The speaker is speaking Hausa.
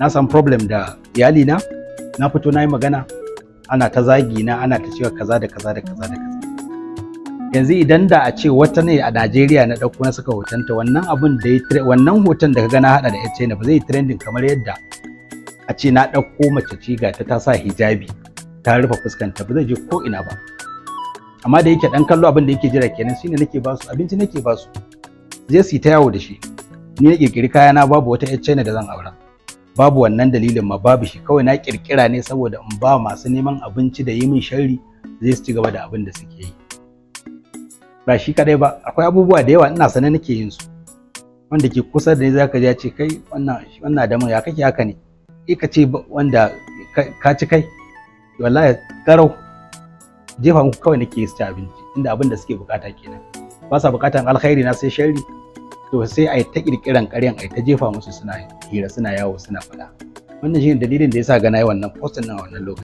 na samu problem da iyalina na fito na yi magana ana ta zagi na ana ta cewa kaza da kaza da kaza da kaza yanzu idan da a ce wata ne a Najeriya na ɗauko na suka hotonta wannan abin da ya wannan hoton da kaga na hada da yace ba zai trending kamar yadda a ce na ɗauko mace ci ga ta ta sa hijabi ta rufe fuskanta ba zai je ko ina ba amma da yake dan kallo abin da yake jira kenan shine nake ba su abinci nake ba su je su ta yawo da shi ni na kirkiri kayana babu wata yace da zan aura babu wannan dalilin ma babu shi kawai na kirkira ne saboda in ba masu neman abinci da yi min sharri zai su ci gaba da abin da suke yi ba shi kadai ba akwai abubuwa da yawa ina sanar nake yin su wanda ke kusa da ni zaka ji ce kai wannan wannan da mun ya kake haka ne E, ka ce wanda ka ci kai wallahi garau jefa muku kawai nake su ci abinci inda abin da suke bukata kenan ba sa bukatan alkhairi na sai sharri to sai a yi ta kirkiran ƙaryan a yi ta jefa musu suna hira suna yawo suna faɗa wannan shine dalilin da yasa ga na yi wannan postin na wannan lokacin